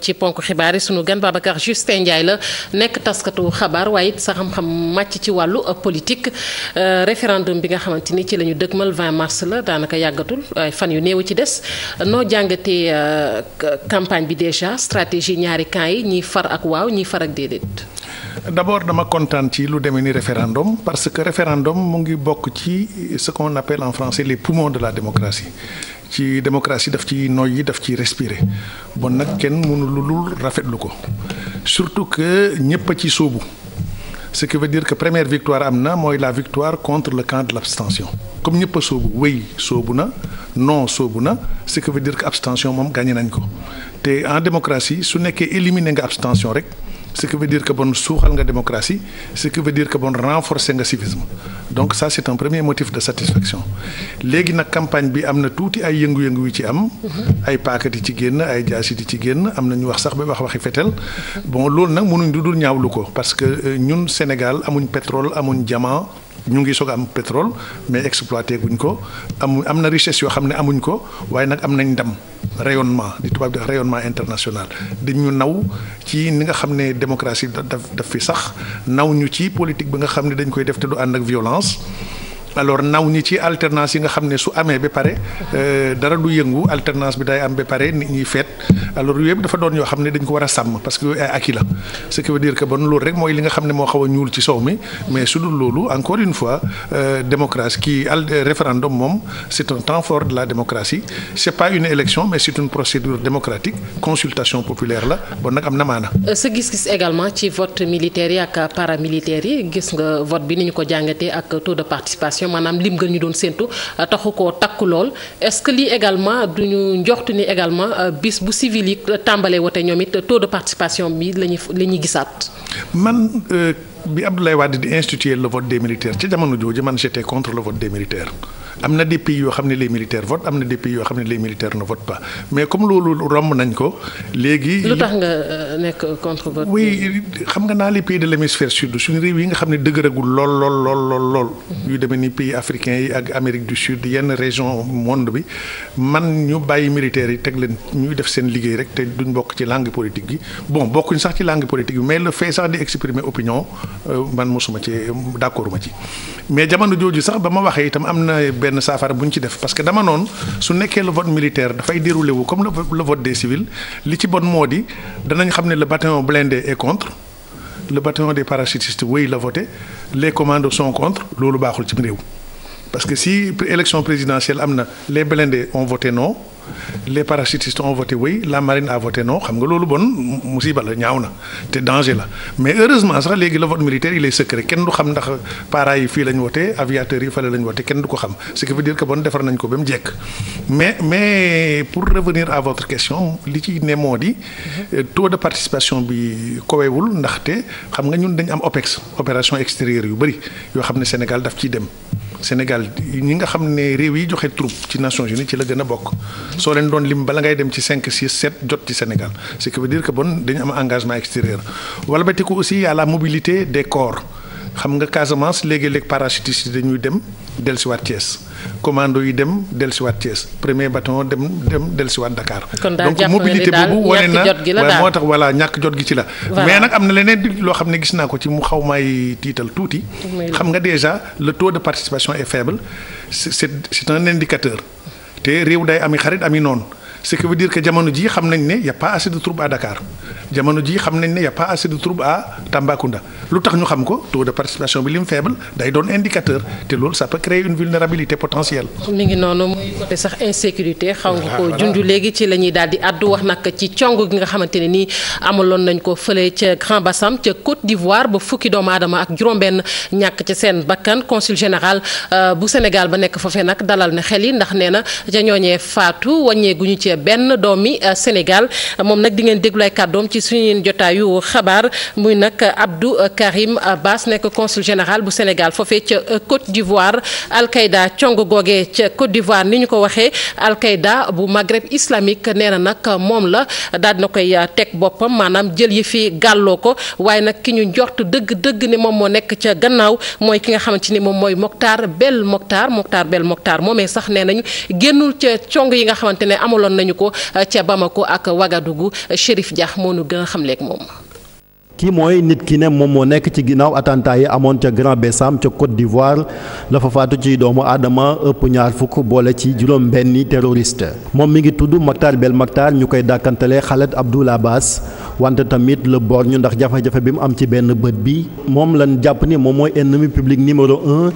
ci ponk xibaar yi suñu gan Babacar Justin Ndiaye la nekk taskatu xabaar waaye it sa xam-xam màcc ci wàllu euh, politique euh, référendum bi nga xamante ni ci la ñu mal 20 mars la daanaka yàggatul fan yu néew ci des noo jàngatee euh, campagne bi déjà stratégie ñaari camp yi ñiy far ak waaw ñiy far ak déedéet. d'abord dama kontaan ci lu deme ni référendum parce que référendum mu ngi bokk ci ce qu'on appelle en français les poumons de la démocratie. ci démocratie daf ci yi daf ci respirer bon nag kenn mënu lu lul rafetlu ko surtout que ñëpp ci sóobu ce qui veut dire que première victoire am na mooy la victoire contre le camp de l'abstention comme ñëpp a sóobu wéy sóobu na non sóobu na ce qui veut dire que abstention moom gagné nañ ko te en démocratie su nekkee éliminer nga abstention rek ce qui veut dire que bon suuxal nga démocratie ce qui veut dire que bon renforcer nga civisme donc ça c'est un premier motif de satisfaction léegi nag campagne bi am na tuuti ay yëngu-yëngu yu ci am. Mhm. ay paaka di ci génn ay jaasi di ci génn am na ñu wax sax bi wax waxi fetel bon loolu nag mënuñ du dul ñaawlu ko parce que euh, ñun Sénégal amuñ pétrole amuñ diamant. ñu ngi soog am pétrole mais exploité guñ ko am am na richesse yoo xam ne amuñ ko waaye nag am nañ ndam rayonnement di tubaab di rayonnement international dañu naw ci ni nga xam ne démocratie daf daf fi sax naw ñu ci politique bi nga xam ne dañ koy def te du ànd ak violence. alors naw ñi ci alternance yi nga xam ne su amee ba pare euh, dara du yëngu alternance bi day am ba pare nit ñi feet alors yooyu dafa doon yoo xam ne dañ ko war a sàmm parce que yooyu ay acquis ce qui veut dire que bon loolu rek mooy li nga xam ne moo xaw a ñuul ci sow mi mais su dul loolu encore une fois euh, démocratie kii al référendum moom c'est un temps de la démocratie c'est pas une élection mais c'est une procédure démocratique consultation populaire la bon nag am na euh, sa gis-gis également ci vote militaire yi ak paramilitaire yi gis nga vote bi li tàmbalee wote ñoom it taux de participation bi la ñuy la ñuy gisaat. man euh, bi Abdoulaye Wade di instituer le vote des militaires ci jamono jooju man j'étais contre le vote des militaires. am na des pays yoo xam ne les militaires votent am na des pays yoo xam ne les militaires ne votent pas mais comme loolu romb nañ ko léegi. lu tax nga euh, nekk contre vote. oui xam nga naa les pays de l'hémisphère sud suñu réew yi nga xam ne dëgëragul lool lool lool lool lool. yu demee ni pays africain yi ak Amérique du Sud yenn région monde bi man ñu bàyyi militaires yi teg leen ñuy def seen liggéey rek te duñ bokk ci langue politique bi bon bokkuñ sax ci langue politique mais le fait sax di exprimer opinion euh, man mosuma ci d'accord ma ci benn saafara bu ñu ci def parce que dama noonu su nekkee le vote militaire dafay déroulé wu comme le vote des civils li ci bon moo di danañ xam ne le bataillon blindé est contre le bataillon des parachutistes wéy la voté les commandos son contre loolu baaxul ci réew parce que si élection présidentielle am na les blindés ont voté non les parachutistes ont voté oui la marine a voté non xam nga loolu bon musiba la ñaaw na te danger la mais heureusement sax léegi la vote militaire il est secret kenn du xam ndax para yi fii lañ wote aviateurs yi fële lañ wote kenn du ko xam ce qui veut dire que bon defar nañ ko ba mu jekk mais mais pour revenir à votre question li ci ne moo di mhm. euh, taux de participation bi kowewul ndaxte xam nga ñun dañ am OPEX opération extérieure yu bëri yoo xam ne Sénégal daf ciy dem Sénégal ñi nga xam ne réew yi joxe troupe ci Nations Unies ci la gën a bokk soo leen doon lim bala ngay dem ci cinq six sept jot ci Sénégal ce qui veut dire que bon dañu am engagement extérieur wala ba tey ko aussi y la mobilité des corps xam nga Casamance léegi-léeg parachutiste yi dañuy dem. dellusiwaat Thiès commando yi dem dellusiwaat Thiès premier bâton dem dem dellusiwaat Dakar. donc mobilité boobu wane na moo tax voilà ñàkk jot gi ci la. mais nag am na leneen loo xam ne gis naa ko ci mu xaw maay tiital tuuti. xam nga déjà le taux de participation et faible c'est c'est un indicateur te réew day ami xarit ami noonu ce qui veut dire que jamono jii xam nañ ne y a pas assez de troubles à Dakar. jamono ji xam nañ ne y a pas assez de troubles lu tax ñu xam ko taux de participation bi lim faible day doon indicateur te loolu ça peut créer une vulnérabilité potentielle. mi ngi noonu muy côté sax insécurité. xaw nga ko ah, junj léegi ci la ñuy daal di àddu wax nag ci cong gi nga xamante ne nii amaloon nañ ko fële ca Grand Bassam ca Côte d'Ivoire ba fukki doomu aadama ak juróom-benn ñàkk ca seen bakkan consul général euh, bu Sénégal ba nekk foofee nag dalal na xel yi ndax nee na ca ñooñee faatu wàññeeguñu ci benn doomi euh, Sénégal moom nag di ngeen déglu ay ci suñu jotaayu xabaar muy nag Abdou Karim Bass nekk consul général bu Sénégal foofee ca Côte d'Ivoire Al-Qaïda cong googee ca Côte d'Ivoire ni ñu ko waxee Al-Qaïda bu Maghreb islamique nee na nag moom la daal na koy teg boppam maanaam jël yi fi gàlloo ko waaye nag ki ñu njort dëgg-dëgg ni moom moo nekk ca gannaaw mooy ki nga xamante ni moom mooy Moctar Bel Moctar Moctar Bel Moctar moomee sax nee nañu génnul ca cong yi nga xamante ne amaloon nañu ko ca Bamako ak Ouagadougou Chérif Dia moonu gën a xamleeg kii mooy nit ki ne moom moo nekk ci ginnaaw attentat yi amoon ca Grand Bessam ca Côte d'Ivoire la fa faatu ci doomu aadama ëpp ñaar fukk boole ci juróom benni terroriste moom mi ngi tudd Mactar Belmokhtar ñu koy dàkkantale Khaled Abdou Abass wante tamit le borgne ndax jafe-jafe bi mu am ci benn bët bi moom la jàpp ni moom mooy ennemi public numéro un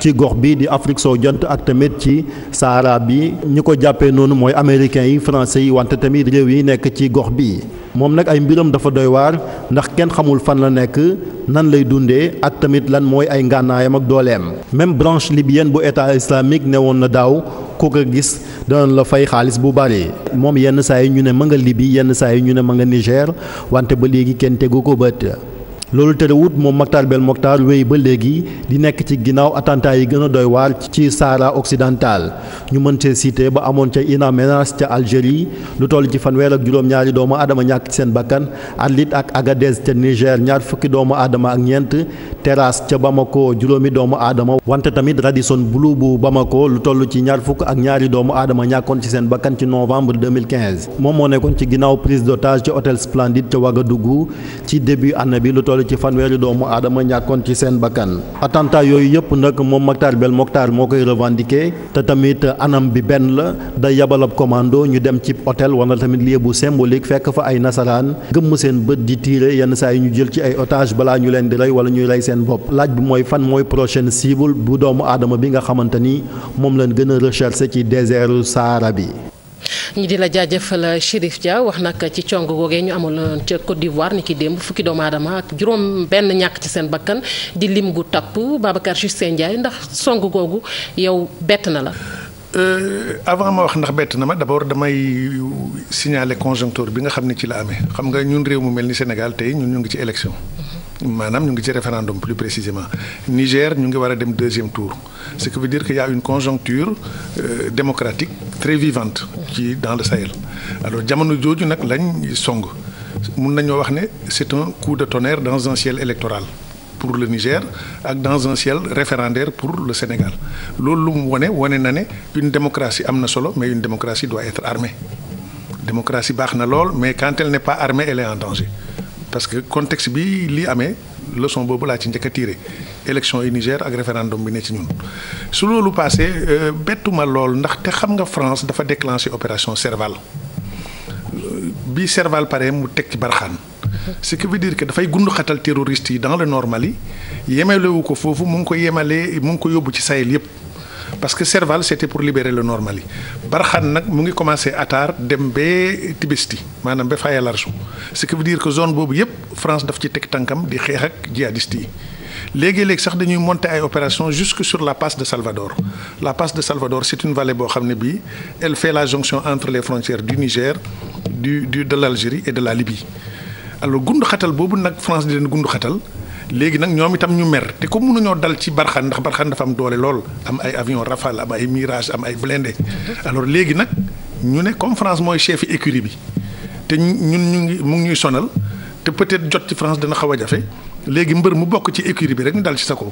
ci gox bi di Afrique soo ak tamit ci Sahara bi ñu ko jàppee noonu mooy americain yi français y wante tamit réew nekk ci gox bi moom nag ay mbiram dafa doy waar ndax kenn xamul fan la nekk nan lay dundee ak tamit lan mooy ay ngànnaayam ak dooleem même branche libyenne bu état islamique ne woon na daaw ku ko gis danañ la fay xaalis bu bari moom yenn saa yi ñu ne ma nga Libye yenn saa yi ñu ne ma nga Niger wante ba léegi kenn tegu ko bët loolu terewut moom Mactar Bel Mokhtar wéy ba léegi di nekk ci ginnaaw attentat yi gën a doy waar ci Sahara occidental ñu mën cee cité ba amoon ca Ina Menas ca Algérie lu toll ci fanweer ak juróom-ñaari doomu aadama ñàkk ci seen bakkan Arlit ak Agadez ca Niger ñaar fukki doomu aadama ak ñeent Terrasse ca Bamako juróomi doomu aadama wante tamit Radisson Blu bu Bamako lu toll ci ñaar fukk ak ñaari doomu aadama ñàkkoon ci seen bakkan ci novembre 2015 moom moo nekkoon ci ginnaaw prise d'otage ca hôtel Splendide ca Ouagadougou ci toll ci fanweeri doomu aadama ñàkkoon ci seen bakkan attentat yooyu yëpp nag moom Mactar Bel Moctar moo koy revendiquer te tamit anam bi benn la day yabalab commando ñu dem ci hôtel wala tamit lieu bu symbolique fekk fa ay nasaraan gëmm seen bët di tiire yenn saa yi ñu jël ci ay otage balaa ñu leen di rey wala ñuy rey seen bopp laaj bi mooy fan mooy prochaine cible bu doomu aadama bi nga xamante ni moom leen gën a recherché ci désert saara bi ñi di la jaajëfal Chérif Dia wax nag ci cong googee ñu amaloon ca Côte d'Ivoire ni ki démb fukki doomu aadama ak juróom benn ñàkk ci seen bakkan di lim gu tapp Babacar Justin Ndiaye ndax song googu yow bett na la. Euh, avant ma wax ndax bett na ma d'abord damay signaler conjoncture bi nga xam ne ci la amee xam nga ñun réew mu mel ni Sénégal tey ñun ñu ngi ci élection. Mhm. maanaam ñu ngi ci référendum plus précisément Niger ñu ngi war dem deuxième tour ce qui veut dire qu'il y a une conjoncture euh, démocratique très vivante ci dans le Sahel alors jamono jooju nag lañ song mun nañoo wax ne c'est un coup de tonnerre dans un ciel électoral pour le Niger ak dans un ciel référendaire pour le Sénégal loolu lu mu wone wone na ne une démocratie am na solo mais une démocratie doit être armée démocratie baax na lool mais quand elle n'est pas en danger parce que contexte bi lii amee leçon boobu laa ci njëkk a tiré élection yi Niger ak référendum bi ne ci ñun su loolu passé euh, bettuma lool ndax te xam nga France dafa déclenché opération Serval euh, bi Serval pare mu teg ci barxaan ce qui veut dire que dafay gund xatal terroriste yi dans le nord Mali yemelewu ko foofu mu ngi ko yemalee mu ngi ko yóbbu ci Sahel yëpp parce que Serval c'était pour libérer le Nord Mali nag mu ngi commencé Atar dem ba Tibesti maanaam ba Fayalargeau ce qui veut dire que zone boobu yëpp France daf ci teg tànkam di xeex ak djihadistes yi. léegi-léegi sax dañuy monter ay opération jusque sur la passe de Salvador la passe de Salvador c'est une vallée boo xam ne bii elle fait la jonction entre les frontières du Niger du du de l'Algérie et de la Libye alors gund xatal boobu nag France di leen gund xatal léegi nag ñoom itam ñu mer te comme mënuñoo dal ci barxan ndax barxan dafa am doole lool am ay avion rafale am ay mirage am ay blindé mhm. alors léegi nag ñu ne comme France mooy chef écurie bi te ñun ñu ngi mu ngi ñuy sonal te peut-être jot ci France dana xaw a jafe léegi mbër mu bokk ci écurie bi rek ñu dal ci sa kaw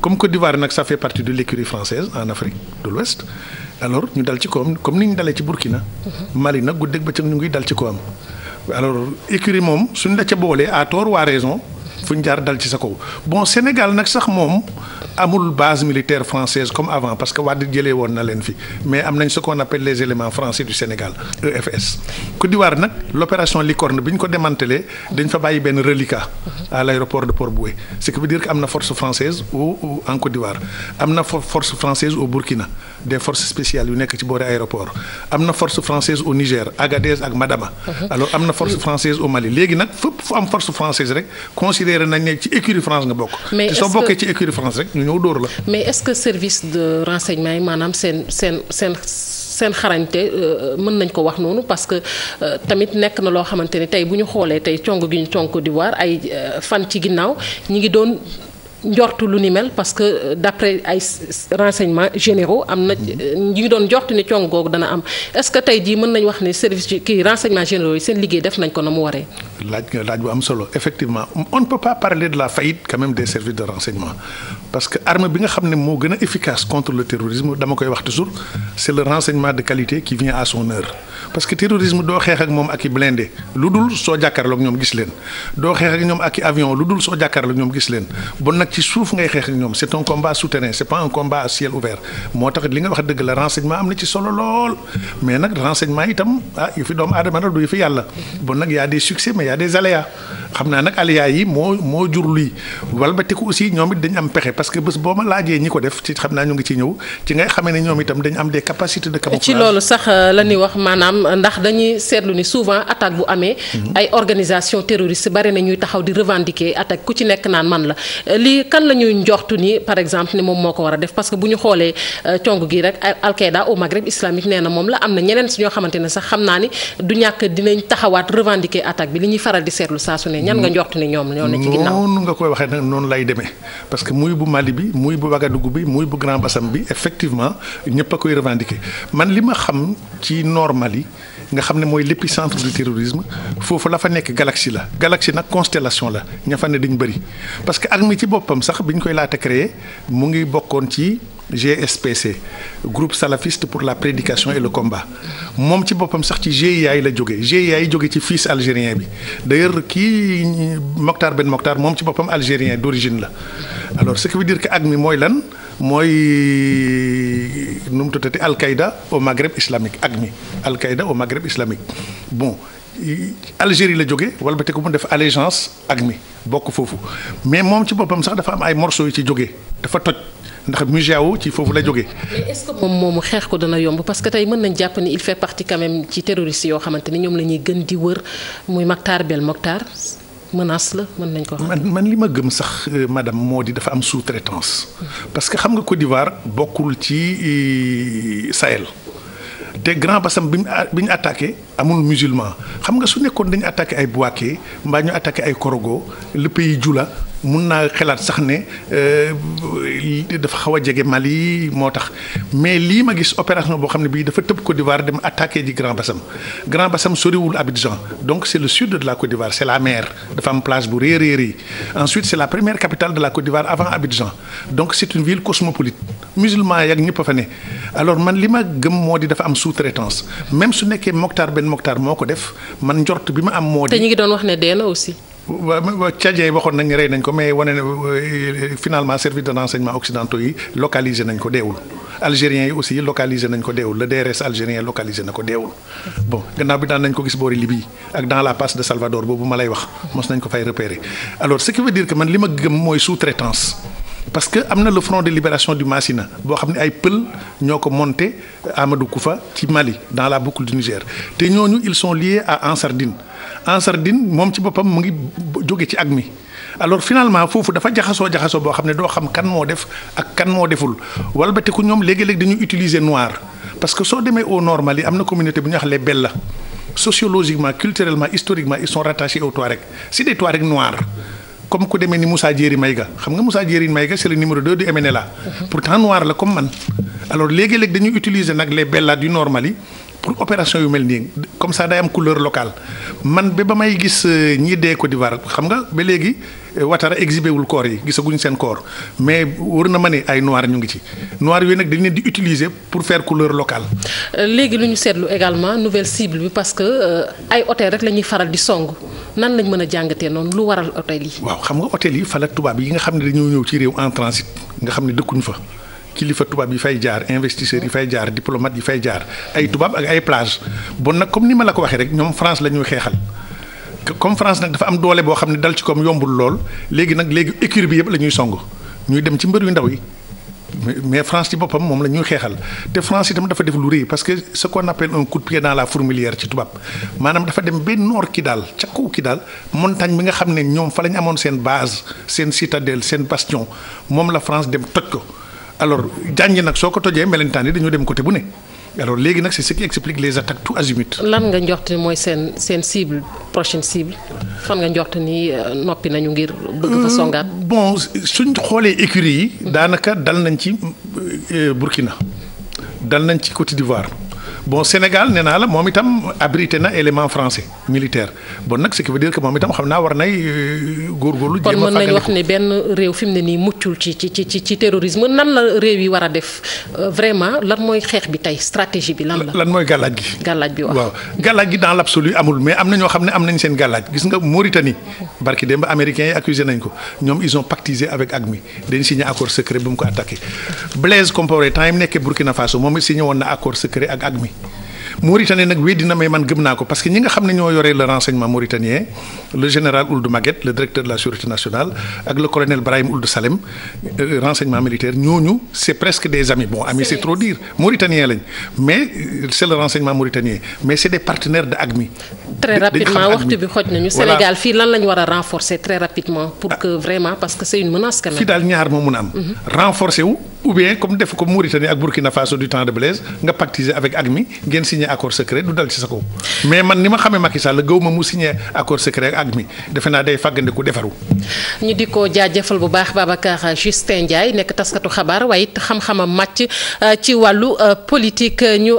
comme Côte d'Ivoire nag ça fait partie de l'écurie française en Afrique de l'Ouest alors ñu dal ci kawam comme ni ñu dalee ci Burkina. Mhm. Mali nag guddeeg bëccëg ñu ngi dal ci kawam. alors écurie moom suñ la ca boolee à tort waa raison. fu ñu jaar dal ci sa kaw bon Sénégal nag sax moom. amul base militaire française comme avant parce que Wade jëlee woon na leen fi mais am nañ ce qu'on appelle les éléments français du Sénégal EFS. Côte d'Ivoire nag l'opération Licorne bi ñu ko démantelé dañ fa bàyyi benn reliquat à l'aéroport de Port-Boué ce qui veut dire que am na force française au en Côte d'Ivoire am na force française au Burkina des forces spéciales yu nekk ci boori aéroport am na force française au Niger Agadez ak Madama. alors am ñu ñëw dóor la. mais est-ce que service de renseignement yi maanaam seen seen seen. seen xarañte euh, mën nañ ko wax noonu parce que euh, tamit nekk na loo xamante ni tey bu ñu xoolee tey cong gi ñu cong Côte d'Ivoire ay euh, fan ci ginnaaw ñi ngi doon njortu lu ni mel parce que euh, d'après ay renseignements généraux am na mm-hmm. euh, ñu ngi doon njortu ni cong googu dana am est-ce que tey jii mën nañ wax ne service kii renseignements généraux yi seen liggéey def nañ ko na mu waree. laaj nga laaj bu am solo effectivement on ne pas parler de la faillite quand même des services de renseignement parce que arme bi nga xam ne moo gën a efficace contre le terrorisme dama koy wax toujours c'est le renseignement de qualité qui vient moom ak i blindé lu leen doo xeex ak lu dul soo jàkkaarloog ñoom gis leen ci suuf ngay xeex ak ñoom c'est un combat souterrain c'est pas un combat à ciel ouvert moo tax li nga wax dëgg la renseignement am na ci solo lool mais nag renseignement itam ah yu fi doomu aadama du yu fi yàlla bon nag y a des succès mais y a des xam naa nag aliyaa yi moo moo jur lii walbatiku aussi ñoom it dañ am pexe parce que bés boo ma laajee ñi ko def ci xam naa ñu ngi ci ñëw ci ngay xamee ne ñoom itam dañ am des capacités de camouflage. ci euh, la ñuy wax maanaam ndax dañuy seetlu ni souvent attaque bu amee. Mhm. ay organisation terroriste bari na ñuy taxaw di revendiquer attaque ku ci nekk naan man la euh, lii kan la ñuy ni par exemple ni moom moo ko war a def parce que bu ñu xoolee euh, cong gi rek Al-Qaïda au Maghreb islamique nee na moom la am na ñeneen si ñoo xamante ne sax xam naa ni du ñàkk dinañ taxawaat revendiquer attaque bi li ñuy faral di seetlu saa demee ñan nga njort ni ñoom ñoo ne ci ginnaaw noonu nga koy waxee nag noonu lay demee parce que muy bu Mali bi muy bu Ouagadougou bi muy bu Grand Bassam bi effectivement ñëpp a koy revendiquer man li ma xam ci nord Mali nga xam ne mooy centre du terrorisme foofu la fa nekk galaxie la galaxie nag constellation la ña fa ne dañ bëri parce que mi ci boppam sax bi ñu koy laata créer mu ngi bokkoon ci. GSPC groupe salafiste pour la prédication et le combat moom ci boppam sax ci GIA yi la jóge GIA yi jóge ci fils algérien bi d'ailleurs kii Mokhtar benn moctar moom ci boppam algérien d'origine la alors ce qui veut dire que ak mi mooy lan mooy nu mu tuddati Al-Qaïda au Maghreb islamique ak mi Al-Qaïda au Maghreb islamique bon Algérie la jóge wala ko mu def allégeance ak mi bokk foofu mais moom ci boppam sax dafa am ay morceaux yu ci jóge dafa toj ndax musée wu ci foofu la jóge mais moom moomu xeex ko dana yomb parce que tey mën nañ jàpp ni il fait partie quand ci terroriste yoo xamante ni ñoom lañuy gën di wër muy Mactar Bel Mactar menace la mën nañ ko man man li ma gëm sax euh, madame moo di dafa am sous-traitance. parce que xam nga Côte d'Ivoire bokkul ci euh, Sahel. te Grand Bassam bi ñu bi ñu attaqué amul musulman xam nga su nekkoon dañu attaqué ay Bouaké mbaa ñu attaqué ay Korogo le pays Jula mun naa xalaat sax ne euh, dafa xaw a jege Mali moo tax mais lii ma gis opération boo xam ne bii dafa tëb Côte d'Ivoire dem attaqué ji Grand Bassam Grand Bassam soriwul Abidjan donc c' est le sud de la Côte d'Ivoire la mer dafa am place bu réer réer ensuite c' la première capitale de la Côte d'Ivoire avant Abidjan donc c' ñëpp sous-traitance même su nekkee Moctar Ben Moctar moo ko def man njort bi ma am moo di. te ñu ngi doon wax ne dee na aussi. waaw Tchadien waxoon nañ rey nañ ko mais wane ne euh, finalement service de renseignement occidentaux yi localisé nañ ko deewul algériens yi aussi localisé nañ ko deewul le DRS algérien localisé na ko deewul bon gannaaw bi daan nañ ko gis boori Libye ak dans la passe de Salvador boobu ma lay wax mos nañ ko fay repérer alors ce qui veut dire que man li ma gëm mooy sous-traitance. parce que am na la front de libération du a boo xam ne ay pël ñoo ko monté Amadou Koufa ci Mali dans la boucle du Niger te ñooñu ils son liés à Ansardine Ansardine moom ci boppam mu ngi jóge ci ak mi alors finalement foofu dafa jaxasoo jaxasoo boo xam ne doo xam kan moo def ak kan moo deful walbatiku ñoom léegi-léegi dañu utiliser noir parce que soo demee au nord Mali am na communauté bu ñuy wax les Bella sociologiquement culturellement historiquement ils sont rattachés aux Touaregs c'est comme ku deme ni musaa Moussa Diéry Maïga xam nga Moussa may Maïga c'est le numéro 2 du MNLA. pourtant noir la comme man. alors léegi-léeg dañuy utiliser nag les Bellas du normali pour opération yu mel nii comme ça day am couleur locale man ba ba may gis euh, ñii dee Côte d'Ivoire xam nga ba léegi. Eh, Ouattara exhibé wul corps yi gisaguñ seen corps mais wër na ma ne ay noir ñu ngi ci noir yooyu nag dañ leen di utiliser pour faire couleur local euh, léegi lu ñu seetlu également nouvelle cible bi parce que euh, ay hôtel rek la ñuy faral di song nan lañ mën a jàngatee noonu lu waral hôtel yi. waaw xam nga hôtel yi fala tubaab yi nga xam ne dañoo ñëw ci réew en transit nga xam ne dëkkuñ fa. kilifa tubaab yi fay jaar investisseurs yi fay jaar diplomate yi fay jaar ay ak ay plage bon nag comme ni ma la ko waxee rek ñoom France la ñuy xeexal. comme France nag dafa am doole boo xam ne dal ci koom yombul lool léegi nag léegi écurie bi yëpp la ñuy song ñuy dem ci mbër yu ndaw yi mais France ci boppam moom la ñuy xeexal te France itam dafa def lu parce que ce qu'on appelle un coup de pied dans la fourmilière maanaam dafa dem ba noor ki daal ca kaw daal montagne bi nga xam ne ñoom fa la ñu amoon seen base seen citadelle seen bastion moom la France dem toj ko alors jànj nag soo ko tojee melentaan yi dañoo dem côté bu ne. alors léegi nag c'est ce qui explique les attaques tout azimut. lan nga njort mooy seen seen cible prochaine cible fan nga njort ni euh, noppi nañu ngir. bëgg fa euh, songaat bon suñ xoolee écurie yi. Mm. daanaka dal nañ ci euh, Burkina dal nañ ci Côte d'Ivoire bon Sénégal nee naa la moom itam abrité na élément français. militaire bon nag ce qui veut dire que moom itam xam naa war nay euh, góorgóorlu. jéem a kon mën nañu wax ne benn réew fi mu ne nii muccul ci ci ci ci terrorisme nan la réew yi war a def euh, vraiment lan mooy xeex bi tey stratégie bi lan la. lan mooy gàllaaj gi. gàllaaj bi waaw gàllaaj gi dans l'absolu amul mais am na ñoo xam ne am nañ seen gàllaaj gis nga Mauritanie. barki démb américains yi accusé nañ ko ñoom ils ont pactisé avec AQMI dañ signé accord secret bu mu ko attaqué Blaise Compaoré temps yi mu nekkee Burkina na accord secret Mauritanie nag weddi na may man gëm naa ko parce que ñi nga xam ne ñoo yore le renseignement mauritanien le général Ould Maguette le directeur de la sécurité nationale ak le colonel Brahim Ould Salem euh, renseignement militaire ñooñu c'est presque des amis bon amis c'est trop dire mauritanien lañ mais euh, c'est le renseignement mauritanien mais c'est des partenaires de AQMI. très rapidement waxtu bi xoj nañu Sénégal fii lan lañ war a renforcer très rapidement pour ah. que vraiment parce que c'est une menace quand daal ñaar moo mun am. Mhm. renforcer wu. ou bien comme def ko Mauritanie ak Burkina Faso du temps de Blaise nga pactiser avec AQMI ngeen signé accord secret du dal ci sa kaw mais man ni ma xamee Macky Sall gaw ma mu signé accord secret ak AQMI defe naa day fàggandiku defaru. ñu di ko jaajëfal bu baax Babacar Justin Ndiaye nekk taskatu xabaar waaye it xam-xamam màcc euh, ci wàllu euh, politique euh, ñu.